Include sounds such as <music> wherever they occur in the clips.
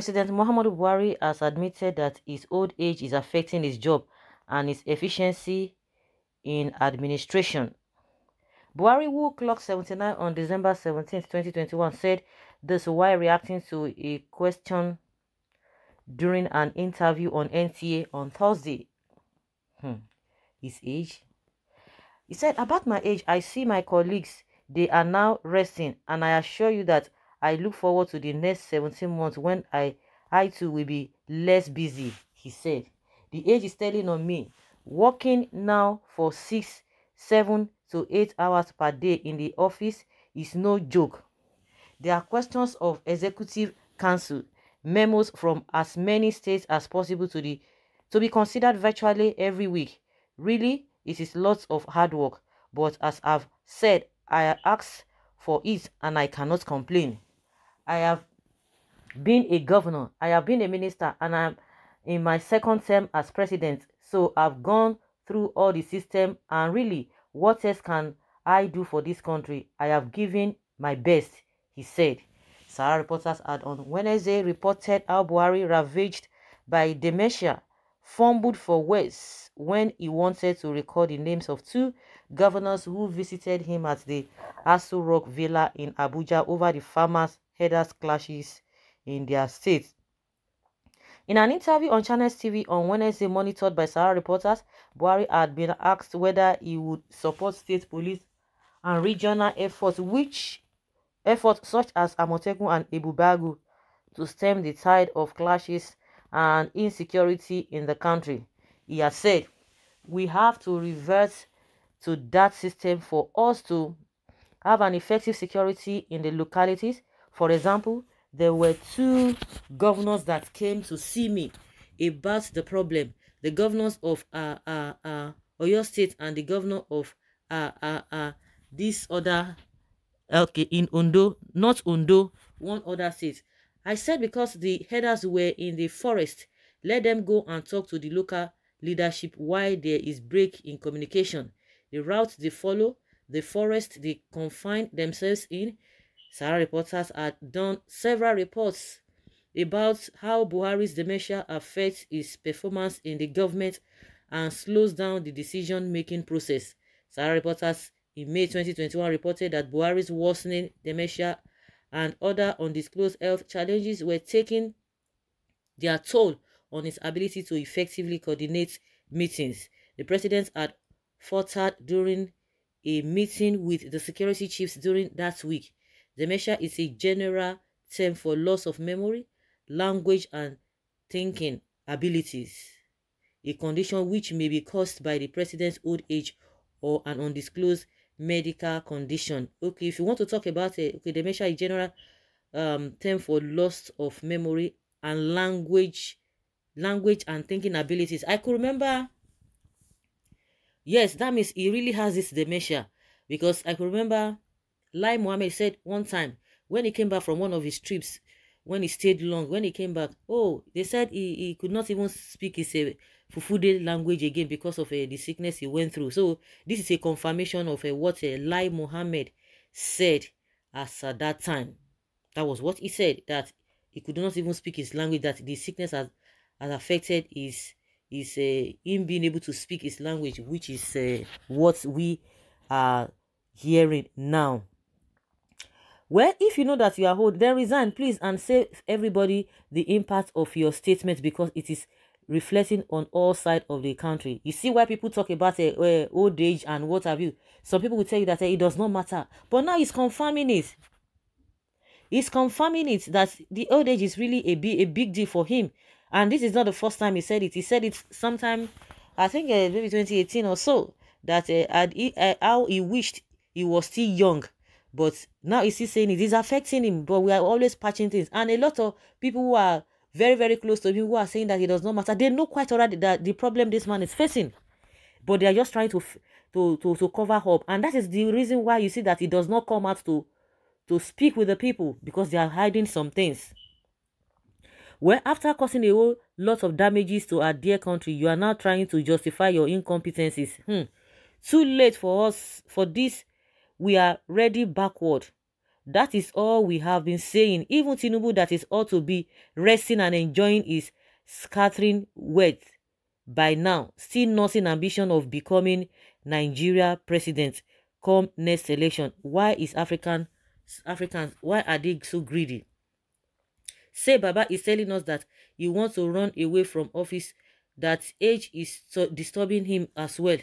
President Muhammadu Buhari has admitted that his old age is affecting his job and his efficiency in administration. Buhari, who clocked 79 on December 17, 2021, said this while reacting to a question during an interview on NTA on Thursday. Hmm. His age? He said, About my age, I see my colleagues. They are now resting, and I assure you that I look forward to the next 17 months when I, I too will be less busy, he said. The age is telling on me. Working now for six, seven to eight hours per day in the office is no joke. There are questions of executive council, memos from as many states as possible to the to be considered virtually every week. Really, it is lots of hard work, but as I've said, I asked for it and I cannot complain. I have been a governor, I have been a minister, and I'm in my second term as president. So I've gone through all the system, and really, what else can I do for this country? I have given my best, he said. Sahara reporters had on Wednesday reported how Buhari ravaged by dementia fumbled for words when he wanted to record the names of two governors who visited him at the Asu Rock Villa in Abuja over the farmers herders clashes in their states. In an interview on Channels TV on Wednesday, monitored by Sahara reporters, Buhari had been asked whether he would support state police and regional efforts, which efforts such as Amotekun and Ibubagu to stem the tide of clashes and insecurity in the country. He has said, "We have to revert to that system for us to have an effective security in the localities For example, there were two governors that came to see me about the problem. The governors of uh, uh, uh, Oyo State and the governor of uh, uh, uh, this other, okay, in Undo, not Undo, one other state. I said because the headers were in the forest, let them go and talk to the local leadership why there is break in communication. The route they follow, the forest they confine themselves in, Sarah reporters had done several reports about how Buhari's dementia affects his performance in the government and slows down the decision-making process. Sarah reporters in May 2021 reported that Buhari's worsening dementia and other undisclosed health challenges were taking their toll on his ability to effectively coordinate meetings. The president had faltered during a meeting with the security chiefs during that week. Dementia is a general term for loss of memory, language, and thinking abilities, a condition which may be caused by the president's old age or an undisclosed medical condition. Okay, if you want to talk about it, okay, dementia is general um, term for loss of memory and language, language and thinking abilities. I could remember, yes, that means he really has this dementia because I could remember Lai Mohammed said one time when he came back from one of his trips, when he stayed long, when he came back, oh, they said he, he could not even speak his uh, Fufude language again because of uh, the sickness he went through. So this is a confirmation of uh, what uh, Lai Mohammed said as at that time. That was what he said, that he could not even speak his language, that the sickness has, has affected his, his uh, him being able to speak his language, which is uh, what we are hearing now. Well, if you know that you are old, then resign, please, and save everybody the impact of your statement because it is reflecting on all sides of the country. You see why people talk about uh, uh, old age and what have you. Some people will tell you that uh, it does not matter. But now it's confirming it. It's confirming it that the old age is really a, big, a big deal for him. And this is not the first time he said it. He said it sometime, I think maybe 2018 or so, that uh, he, how he wished he was still young but now he's saying it is affecting him, but we are always patching things. And a lot of people who are very, very close to him who are saying that it does not matter, they know quite already that the problem this man is facing. But they are just trying to to, to, to cover up. And that is the reason why you see that he does not come out to, to speak with the people because they are hiding some things. Well, after causing a whole lot of damages to our dear country, you are now trying to justify your incompetencies. Hmm. Too late for us, for this We are ready backward. That is all we have been saying. Even Tinubu, that is all to be resting and enjoying his scattering wealth by now, still nursing ambition of becoming Nigeria president come next election. Why is African Africans why are they so greedy? Say Baba is telling us that he wants to run away from office, that age is disturbing him as well.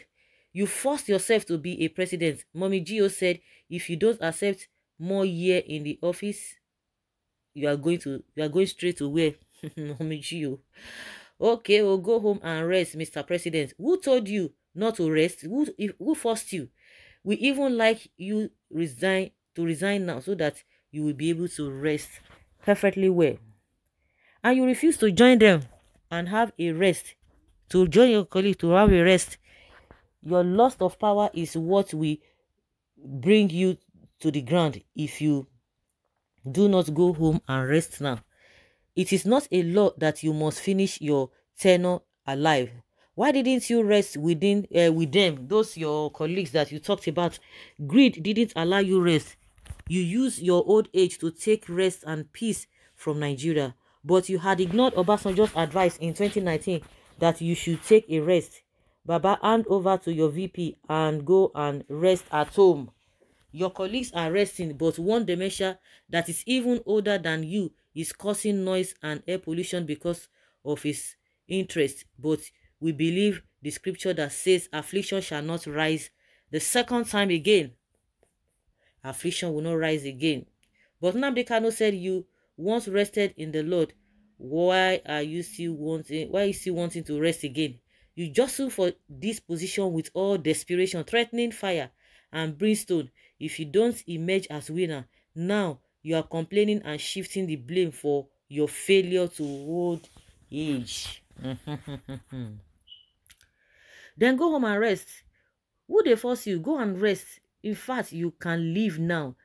You forced yourself to be a president. Mommy Gio said, if you don't accept more year in the office, you are going to you are going straight to where? <laughs> Mommy Gio. Okay, we'll go home and rest, Mr. President. Who told you not to rest? Who if, who forced you? We even like you resign to resign now so that you will be able to rest perfectly well. And you refuse to join them and have a rest to join your colleague to have a rest Your loss of power is what will bring you to the ground if you do not go home and rest now. It is not a law that you must finish your tenure alive. Why didn't you rest within uh, with them? Those your colleagues that you talked about, greed didn't allow you rest. You use your old age to take rest and peace from Nigeria, but you had ignored Obasanjo's advice in 2019 that you should take a rest. Baba, hand over to your VP and go and rest at home. Your colleagues are resting, but one dementia that is even older than you is causing noise and air pollution because of his interest. But we believe the scripture that says affliction shall not rise the second time again. Affliction will not rise again. But Nnamdi said, You once rested in the Lord. Why are you still wanting why are you still wanting to rest again? You jostle for this position with all desperation, threatening fire and brimstone. If you don't emerge as winner, now you are complaining and shifting the blame for your failure to old age. <laughs> Then go home and rest. Who dey force you? Go and rest. In fact, you can leave now.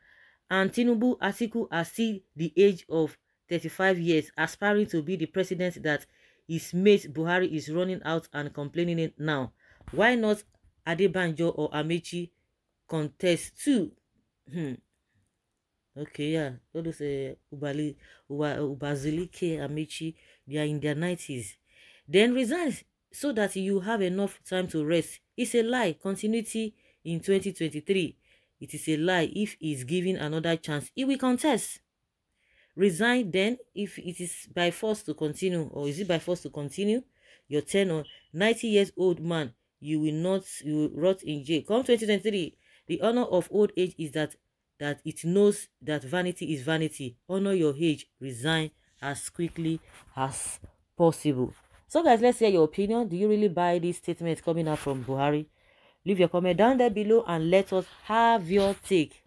And Tinubu Atiku are still the age of thirty-five years, aspiring to be the president that his mate Buhari is running out and complaining it now. Why not Adebanjo or Amechi contest too? Hmm. Okay, yeah. What is say eh, Ubali, Uba, eh, Ubazilike, Amechi? They are in their nineties. Then resign so that you have enough time to rest. It's a lie. Continuity in 2023. It is a lie. If he's given another chance, he will contest. Resign then if it is by force to continue, or is it by force to continue your tenure? 90 years old man, you will not you will rot in jail. Come 2023, the honor of old age is that that it knows that vanity is vanity. Honor your age, resign as quickly as possible. So guys, let's hear your opinion. Do you really buy this statement coming out from Buhari? Leave your comment down there below and let us have your take.